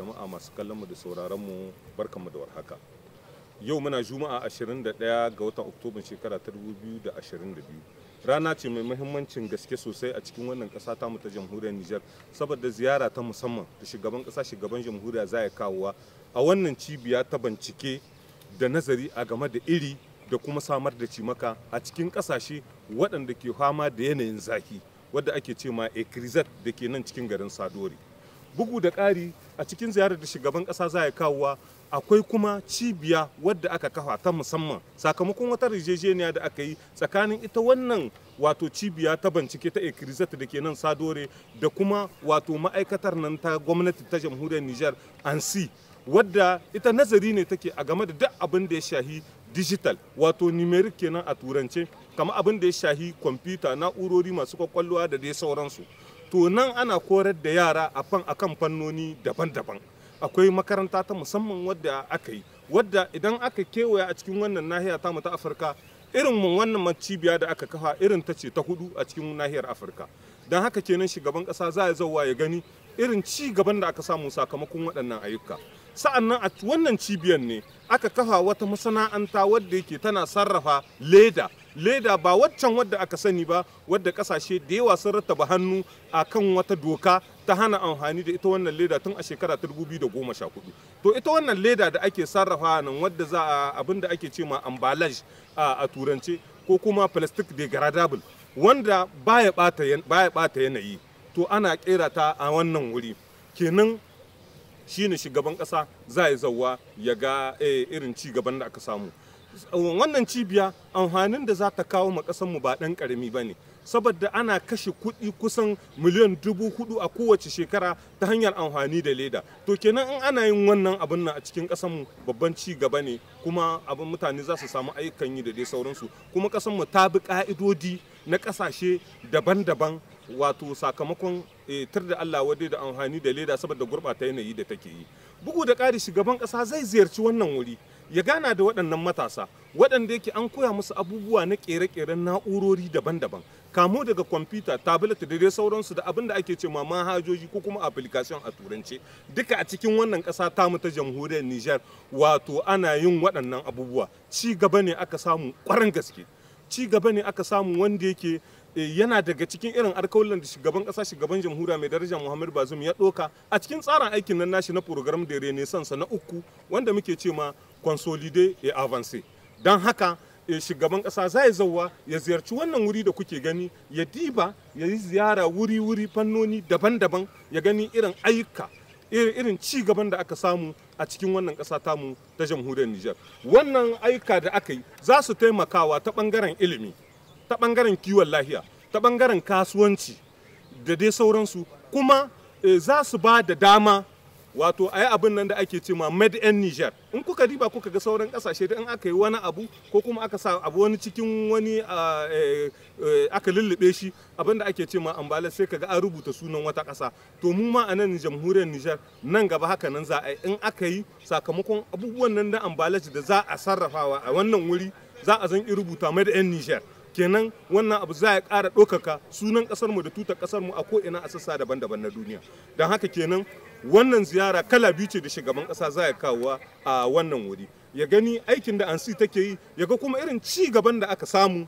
jama'a masu kallon mu da sauraron mu barkanmu da warhaka yau muna juma'a 21 ga watan oktoban shekara ta 2022 rana ce mai mahimmancin gaske sosai a cikin wannan kasa tamu ta jamhuriyar Nijar saboda ziyara ta musamman da shugaban kasa shugaban jamhuriya za ya kawowa a wannan cibiya ta bincike da nazari a game da iri da kuma samar da cimaka a cikin kasashe waɗanda ke fama da yanayin zafi wadda ake ce ma ekrizat da ke nan cikin garin sadori bugu da ƙari a cikin ziyarar da shugaban ƙasa za ya kawowa akwai kuma cibiya wadda aka kafa ta musamman sakamakon wata rijejeniya da aka yi tsakanin ita wannan wato cibiya ta bincike ta ekirizata da ke nan sadore da kuma wato ma'aikatar nan ta gwamnati ta jamhuriyar niger ansi wadda ita nazari ne take a game da duk abin da ya shahi digital wato numeric kenan a turance kama abin da ya shahi kwamfuta na'urori masu kwakwalwa da dai sauransu to nan ana korar da yara a kan fannoni daban-daban akwai makaranta ta musamman wadda aka yi wadda idan aka kewaya a cikin wannan nahiya ta mu ta afirka irin mun wannan cibiya da aka kafa irin ta ce ta hudu a cikin nahiyar afirka don haka kenan shugaban kasa za ya zauwa ya gani irin ci gaban da aka samu sakamakon waɗannan ayyuka sa'annan a wannan cibiyar ne aka kafa wata masana'anta wadda yake tana sarrafa leda leda ba waccan wadda aka sani ba wadda kasashe da yawa sun rattaba hannu a kan wata doka ta hana amfani da ita wannan leda tun a shekara ta 2014 to ita wannan leda da ake sarrafa nan wadda za a abin da ake ce ma ambalage a turance ko kuma plastic degradable wanda baya bata yanayi to ana kera ta a wannan wuri kenan shine shugaban kasa za ya zauwa ya ga eh, irin ci gaban da aka samu wannan cibiya amfanin da za ta kawo ma mu ba dan karami bane ne saboda ana kashe kuɗi kusan miliyan dubu hudu a kowace shekara ta hanyar amfani da leda to kenan in ana yin wannan abin nan a cikin mu babban ci gaba ne kuma abin mutane za su samu ayyukan yi da dai sauransu kuma mu ta bi ka'idodi na ƙasashe daban-daban wato sakamakon eh, tar da Allah wadai da amfani da leda saboda gurɓata yanayi da take yi bugu da ƙari shugaban ƙasa zai ziyarci wannan wuri ya gana da waɗannan matasa waɗanda yake an koya musu abubuwa na ƙere-ƙeren na'urori daban-daban kamo daga kwamfuta tablet da dai sauransu da abin da ake ce ma manhajoji ko kuma application a turance duka a cikin wannan ƙasa tamu ta jamhuriyar niger wato ana yin waɗannan abubuwa ci gaba ne aka samu ƙwarar gaske ci gaba ne aka samu wanda yake eh, yana daga cikin irin alkawalin da shugaban ƙasa shugaban jamhuriya mai daraja muhammadu bazum ya doka a cikin tsarin aikin nan nashi na program da renaissance na uku wanda muke ce ma consolider et avancer don haka eh, shugaban kasa zai zauwa ya ziyarci wannan wuri da kuke gani ya diba ya yi ziyara wuri-wuri fannoni daban-daban ya gani irin ayyuka irin ci gaban da aka samu a cikin wannan ƙasa tamu ta jamhuriyar Nijar. Wannan aika da aka yi za su taimakawa ta ɓangaren ilimi, ta ɓangaren kiwon lahiya, ta ɓangaren kasuwanci da dai sauransu kuma eh, za su ba da dama wato a yi abin nan da ake ce ma made in niger in kuka diba kuka ga sauran kasashe da in aka yi wani abu ko kuma aka sa abu wani cikin wani ah, eh, eh, aka lullube shi abin da ake ce ma ambala sai kaga an rubuta sunan wata kasa to mu ma a nan jamhuriyar niger nan gaba haka nan za a yi in aka yi sakamakon abubuwan nan na ambalaji da za a sarrafawa a wannan wuri za a zan rubuta made in niger kenan wannan abu za ya ƙara ɗaukaka sunan ƙasarmu da tutar ƙasarmu a ko ina a sassa daban-daban na duniya don haka kenan wannan ziyara kala biyu ce da shugaban ƙasa za ya kawo a wannan wuri ya gani aikin da ansi take yi ya ga kuma irin ci gaban da aka samu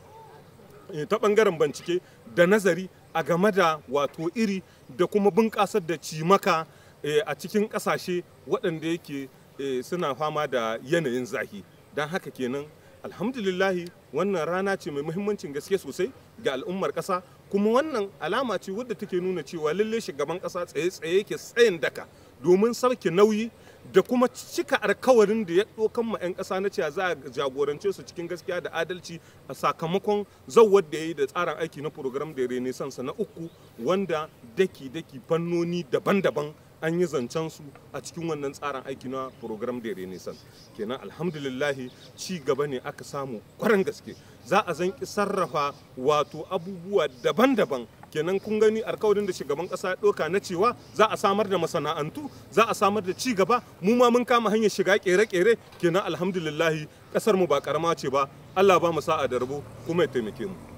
eh, ta ɓangaren bincike da nazari a game da wato iri da kuma bunƙasar da cimaka eh, a cikin ƙasashe waɗanda yake eh, suna fama da yanayin zahi don haka kenan alhamdulillahi wannan rana ce mai muhimmancin gaske sosai ga al'ummar ƙasa kuma wannan alama ce wadda take nuna cewa lalle shugaban ƙasa tsaye-tsaye ke tsayin daka domin sarki nauyi da kuma cika alkawarin da ya dokan ma 'yan ƙasa na cewa za a jagorance su cikin gaskiya da adalci a sakamakon zauwar da ya yi da tsarin aiki na program da renaissance na uku wanda daki-daki fannoni daban-daban an yi zancen su a cikin wannan tsarin aiki na program da renaissance kenan alhamdulillahi ci gaba ne aka samu kwarin gaske za a zanki sarrafa wato abubuwa daban-daban kenan kun gani alkawarin da shugaban kasa doka na cewa za a samar da masana'antu za a samar da ci gaba mu ma mun kama hanyar shiga kere-kere kenan alhamdulillahi kasar mu ba karama ce ba Allah ba mu sa'a da rabo kuma ya taimake mu